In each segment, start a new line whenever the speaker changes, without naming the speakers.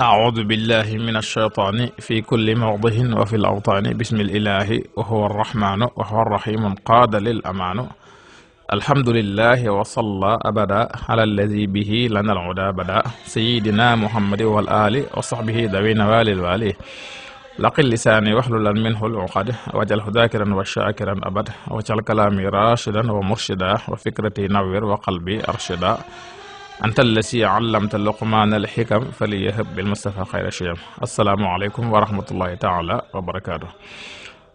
أعوذ بالله من الشيطان في كل موضه وفي الأوطان بسم الإله وهو الرحمن وهو الرحيم قاد للأمان الحمد لله وصلى أبدا على الذي به لنا العدا بدا سيدنا محمد والآل وصحبه ذوي نوال الوالي لقل لساني واحلل منه العقد واجعله ذاكرا وشاكرا أبد واجعل كلامي راشدا ومرشدا وفكرتي نور وقلبي أرشدا antal si a allamta luqmaana alxikam fali yahab bil mustafa xayra chiyam asalaamualeykum wa rahmatullahi taala wa barakaatu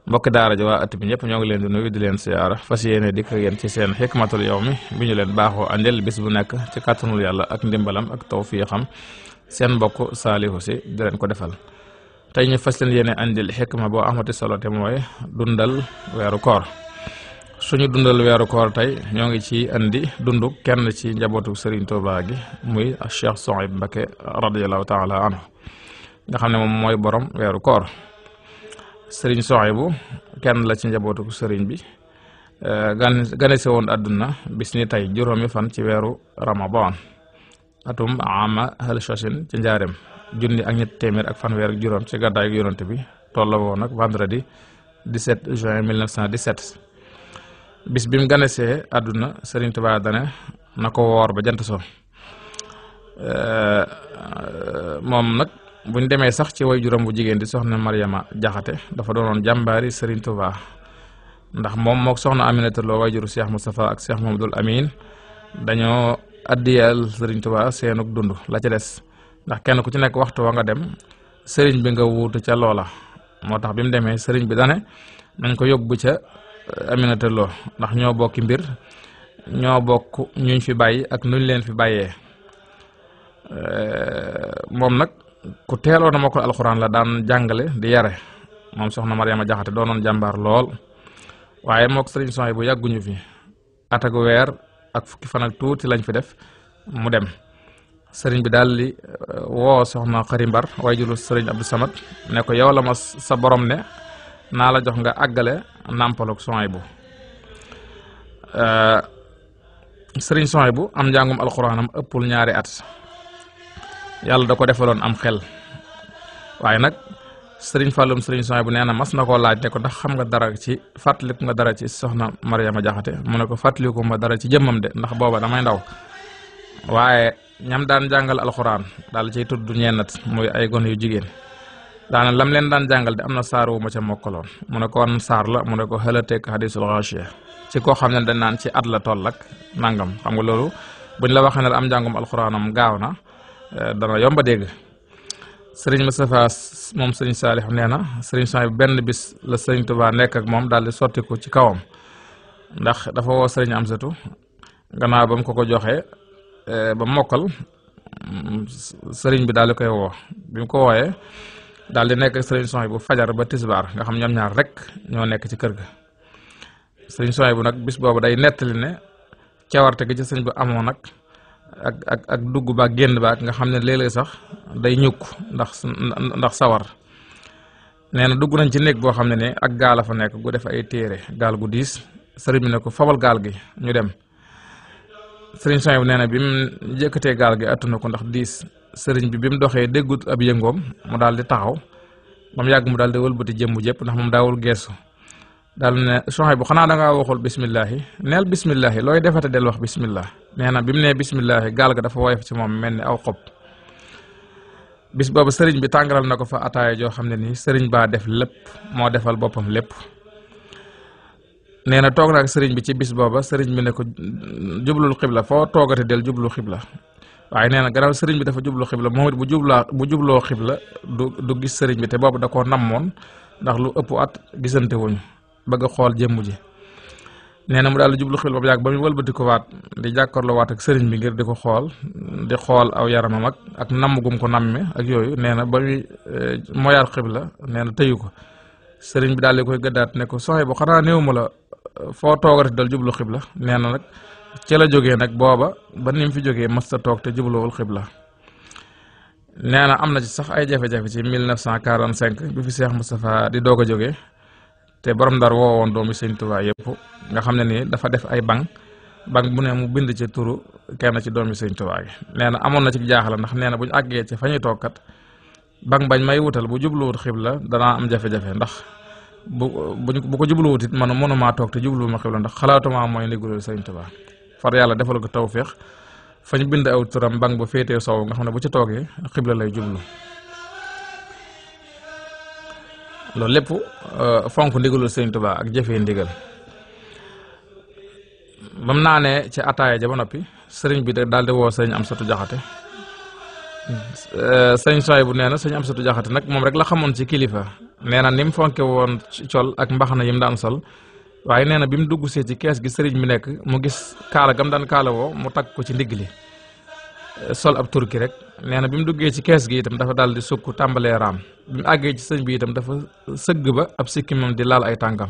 mbokki daara ji waa at bi ñëpp ñoo ngi leen di nuyu di leen siyaara fas yéene dikk yéen ci seen xikmatul yawmi bi ñu leen baaxoo andel bis bu nekk ci kàttanul yàlla ak ndimbalam ak tawfiixam seen mbokk saalihu si di leen ko defal tey ñu fas leen yéene andil xikma boo amati solo te mooy dundal weeru koor suñu dundal weeru koor tey ñoo ngi ci indi dundu kenn ci njabootu Serigne Touba gi muy Cheikh Souhaïbou Mbacké radiyallahu taala anhu nga xam ne moom mooy borom weeru koor Serigne Souhaïbou kenn la ci njabootu Serigne bi eh, gan ganese woon àdduna bis ni juróom juróomi fan ci weeru Ramadan atum ama halshashin ci njaarem junni ak ñetti téeméer ak fan weer juróom ci gàddaayu Yonent bi tolla woon ak vendredi 17 juin 1917 bis bi mu ganesee àdduna Serigne Touba dane na ko woor ba jant so euh, moom nag buñ demee sax ci way juróom bu jigéen di soxna Mariama Jaxate dafa doonoon jàmbaari Serigne tubaa ndax moom mook soxna Aminata Lo way juru Cheikh Moustapha ak Cheikh Mamadou Amin dañoo addiyal sëriñ Touba seenuk dund la ci des ndax kenn ku ci nekk waxtu wa nga dem sëriñ bi nga wuutu ca loola moo tax bi mu demee sëriñ bi dane nañ ko yóbbu ca Aminata ndax ñoo bokki mbir ñoo bokk ñuñ fi bàyyi ak nuñ leen fi bàyyee euh, moom nag ku teeloo a mokkal alxuraan la daan jàngale di yare moom soxna a Jaxate doonoon jàmbaar lool waaye mook sëriñ Soy bu yàgguñu fi at weer ak fukki fan ak tuuti lañ fi def mu dem sëriñ bi daal di euh, woo soxna Xari Mbar waajuru sëriñ Abdou Samad nekk ko yow sa borom ne naa la jox nga àggale nàmpaloog sony bu euh, sëriñ sony bu am njàngum alxuraanam ëppul ñaari at yàlla da ko defaloon am xel waaye nag sëriñ fàllum sëriñ sony bu nee na mas na koo laaj ne ndax xam nga dara ci fàttaliku nga dara ci soxna Mariama Jaxate mu ne ko fàttaliku ma dara ci jëmmam de ndax booba damay ndaw waaye ñam daan jàngal alxuraan daal ciy tudd ñeenat muy ay gone yu jigéen daana lam leen daan jàngal de am na saar wu ma ca mokkaloon mu ne ko saar la mu ne ko xalateeg hadisul xaashiya ci koo xam ne dañ naan ci at la toll ak nangam xam nga loolu buñ la waxee ne am njàngum alxuraanam gaaw na eh, dana yomba dégg sëriñ Moustapha moom sëriñ Saalix nee na sëriñ Saalix benn bis la sëriñ Tuubaa nekk ak moom daal di sotti ko ci kawam ndax dafa woo sëriñ Amsatu gannaaw ba mu ko ko joxee eh, ba mokkal mm, sëriñ bi daal di koy woo bi mu ko wooyee daal di nekk sëriñ soxna bu fajar ba tisbaar nga xam ñoom ñaar rek ñoo nekk ci kër ga sëriñ soxna bu nag bis boobu day nettali ne cawarte gi ci sëñ bu amoon nag ak ak ak dugg ba génn ba nga xam ne léeg sax day ñukk ndax ndax sawar nee na dugg nañ ci néeg boo xam ne ne ak gaal a fa nekk gu def ay téere gaal gu diis sëriñ bi ne ko fabal gaal gi ñu dem sëriñ soxna bu nee na bi mu yëkkatee gaal gi attu na ko ndax diis sëriñ bi bi mu doxee déggut ab yëngoom mu daal di taxaw moom yàgg mu daal di wëlbati jëmmu jépp ndax moom daawul geesu dal ne soxna bu xanaa da ngaa waxul bisimilah neel bisimilah looy defate del wax bisimilah nee na bi mu nee bisimilah gaal ga dafa woyof ci moom mel ni aw xob bis boobu sëriñ bi tàngaral na ko fa ataaya joo xam ne nii sëriñ baa def lépp moo defal boppam lépp. nee na toog na ak sëriñ bi ci bis booba sëriñ bi ne ko jublul xibla foo toogate del jublu xibla waaye nee na gannaaw sëriñ bi dafa jublu xibla moom it bu jublaa bu jubloo xibla du du gis sëriñ bi te boobu da koo nammoon ndax lu ëpp at gisante wuñu bëgg a xool jëmm ji nee na mu daal di jublu xibla ba ba muy wëlbati di jàkkaarloo ak sëriñ bi ngir di ko xool di xool aw yaramam ak ak namm gum ko namme ak yooyu nee na ba muy eh, moyaat xibla nee na tëyu ko sëriñ bi daal di koy gëddaat ne ko soxe bu xanaa néew ma la foo toogatee dal jublu xibla nee na nag. ca la jógee nag booba ba ni mu fi jógee mës ta toog te jubluwul xibla nee na am na ci sax ay jafe-jafe ci 1945 bi fi seex Cheikh Moustapha di doo ko jógee te borom ndar woo woon doomi Sëñ Tuubaa yëpp nga xam ne nii dafa def ay bank bank bu ne mu bind ci turu kenn ci doomi Sëñ Tuubaa yi nee na amoon na ci jaaxala ndax nee na bu ñu àggee ci fa ñuy toog kat bank bañ may wutal bu jubluwut xibla danaa am jafe-jafe ndax bu bu ko jubluwut it man mënumaa toog te jubluwuma xibla ndax xalaatuma mooy ndigulul Sëñ Tuubaa far yàlla defal ko tawféex fa ñu bind aw turam bang bu féetee nga xam ne bu ci toogee xibla lay jublu loolu lépp euh, fonk ndigalul sëñ Tuubaa ak jëfee ndigal bam naa ne ci ataaya ja noppi sëriñ bi daal di woo sëriñ Amsatu Jaxate euh, sëñ sooy bu nee na am Amsatu Jaxate nag moom rek la xamoon ci kilifa nee na ni mu fonke woon ci col ak mbaxana yim daan sol waaye nee na bi mu dugg see ci kees gi sëriñ bi nekk mu gis kaala gam daan kaala woo mu takk ko ci ndigg li eh, sol ab turki rek nee na bi mu duggee ci kees gi itam dafa daal di sukk tàmbalee bi mu àggee ci sëñ bi itam dafa sëgg ba ab sikki moom di laal ay tànkam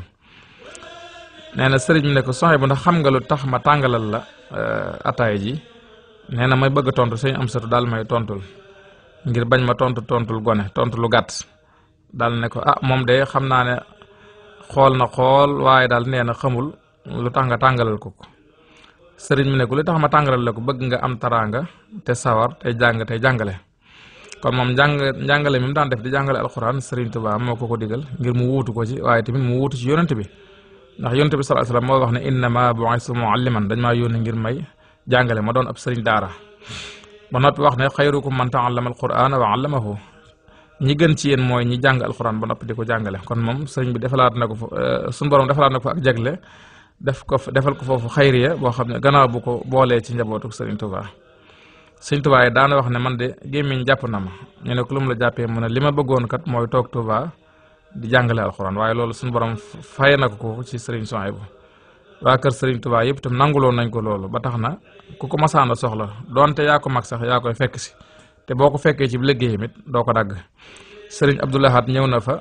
nee na sëriñ bi ne ko soxna bu ndax xam nga lu tax ma tàngalal la eh, ataay ji nee na may bëgg a tontu sëñ Amsatu dal may tontul ngir bañ ma tontu tontul gone tontu lu gàtt daal ne ko ah moom de xool na xool waaye daal nee na xamul lu tax nga tàngalal ko ko sëriñ bi ne ko li tax ma tàngalal la ko bëgg nga am taraanga te sawar tey jàng jàngale kon moom njàng njàngale mi mu daan def di jàngale alxuraan sëriñ Tuubaa moo ko ko digal ngir mu wuutu ko ci waaye tamit mu wuutu ci yonent bi ndax yonent bi sallallahu alayhi wasallam moo wax ne innama bu'istu mu'alliman dañ maa yónni ngir may jàngale ma doon ab sëriñ daara ba noppi wax ne xayrukum man ta'allama a wa 'allamahu ñi gën ci yéen mooy ñi jàng alxuraan ba noppi di ko jàngale kon moom sëriñ bi defalaat na ko fa euh, suñu borom defalaat na ko fa ak jagle def ko defal ko foofu xayriya boo xam ne gannaaw bu ko boolee ci njabootu sëriñ Touba sëriñ Touba yi daana wax ne man de gémmiñ jàpp na ma ñu ne ku lu mu la jàppee mu ne li ma bëggoon kat mooy toog Touba di jàngale alxuraan waaye loolu suñu borom fay na ko ci sëriñ Souhaïbou waa kër sëriñ Touba yëpp tam nanguloon nañ ko loolu ba tax na ku ko masaana soxla donte yaa ko mag sax yaa koy fekk si. te boo ko fekkee ci bu liggéeyam it doo ko dagg sëriñ Abdou Lahad ñëw na fa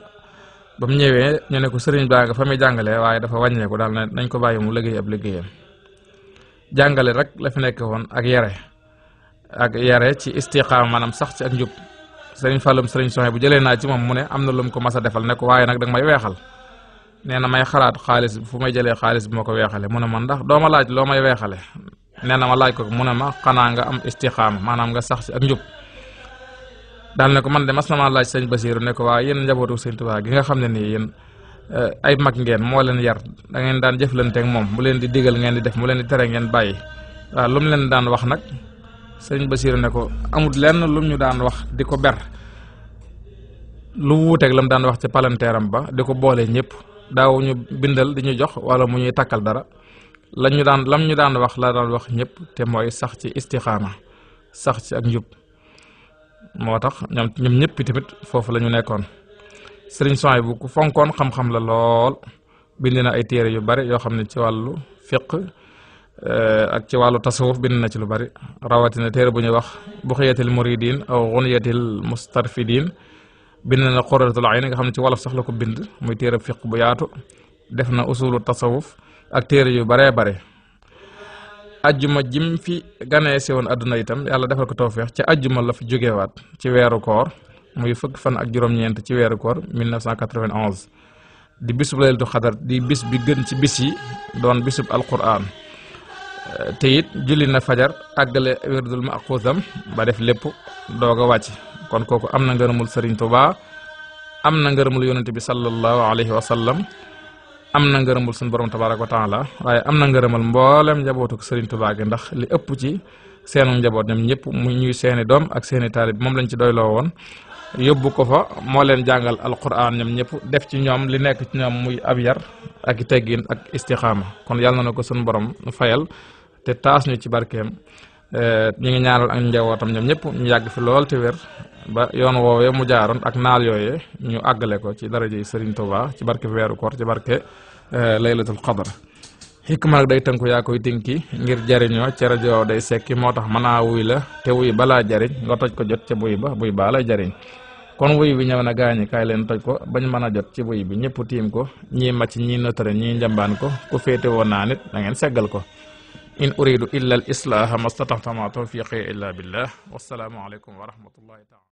ba mu ñëwee ñu ne ko sëriñ baa nga fa muy jàngalee waaye dafa wàññeeku daal nañ ko bàyyi mu liggéey ab liggéeyam jàngale rek la fi nekk woon ak yare ak yare ci istiqaama maanaam sax ci ak njub sëriñ Fallum sëriñ Soxna bu jëlee naa ci moom mu ne am na lu mu ko mas a defal ne ko waaye nag danga may weexal nee na may xalaat xaalis fu may jëlee xaalis bu ma ko weexale mu ne ma ndax doo ma laaj loo may weexale nee na ma laaj ko mu ne ma xanaa nga am istiqaama maanaam nga sax ci ak njub daal ne ko man de mas na maa laaj sëñ Basiiru ne ko waa yéen njabootu sëñ Tuubaa gi nga xam ne nii yéen eh, ay mag ngeen moo leen yar dangeen daan jëflanteeg moom mu leen di digal ngeen di def mu leen di tere ngeen bàyyi waaw lu mu leen daan wax nag sëñ Basiiru ne ko amut leen lu ñu daan wax di ko ber lu wuuteeg la mu daan wax ci palanteeram ba di ko boole ñëpp daaw ñu bindal di ñu jox wala mu ñuy takkal dara la lañu daan lam ñu daan wax laa daan wax ñëpp te mooy sax ci istixaama sax ci ak njub moo tax ñoom ñoom ñëpp tamit foofu lañu nekkoon sëriñ Soy bu ku fonkoon xam-xam la lool bind na ay téere yu bari yoo xam ne ci wàllu fiq eh, ak ci wàllu tasawuf bind na ci lu bari rawatina téere bu ñuy wax buxiyatil muridin aw xunyatil mustarfidin bind na xuratul ayn nga xam ne ci wolof sax la ko bind muy téere fiq bu yaatu def na usulu tasawuf ak téere yu baree bare ajjuma jim fi ganee si woon àdduna itam yàlla defal ko tawféex ci ajjuma la fi jógewaat ci weeru koor muy fukk fan ak juróom-ñeent ci weeru koor 1991 di bisub laylatu xadar di bis bi gën ci bis yi doon bisub alquran te it julli na fajar àggale wirdul ma aquusam ba def lépp doog a wàcc kon kooku am na ngërëmul Sëriñ Tuubaa am na ngërëmul yonente bi sallallahu alayhi wa sallam am na ngërëmul suñu borom tabaaraka wa la waaye am na ngërëmal mboolem njabootu sëriñ Tuubaa gi ndax li ëpp ci seenu njaboot ñoom ñëpp mu ñuy seeni doom ak seeni taalib moom lañ ci doyloo woon yóbbu ko fa moo leen jàngal alquran ñoom ñëpp def ci ñoom li nekk ci ñoom muy ab yar ak teggin ak istixaama kon yàlla na ko suñu borom fayal te taas ñu ci barkeem Eh, ñu ngi ñaanal ak njabootam ñoom ñëpp ñu yàgg fi lool te wér ba yoon woowee mu jaaroon ak naal yooye ñu àggale ko ci daraje Serigne Touba ci barke weeru koor ci barke eh, laylatul qadr xikma nag day tënku yaa koy tinki ngir jariñoo ca rajo day sekki moo tax mën naa wuy la te wuy balaa jariñ nga toj ko jot ca buy ba buy baa lay jariñ kon wuy bi ñëw na gaañi kaay leen toj ko bañ mën a jot ci buy bi ñëpp tiim ko ñii màcc ñii notare ñii njambaan ko ku féete woon naa nit ngeen seggal ko in uridu illa al islaaha mastata'tu ma tawfiqi illa billah wassalaamu aleykum wa rahmatullahi taala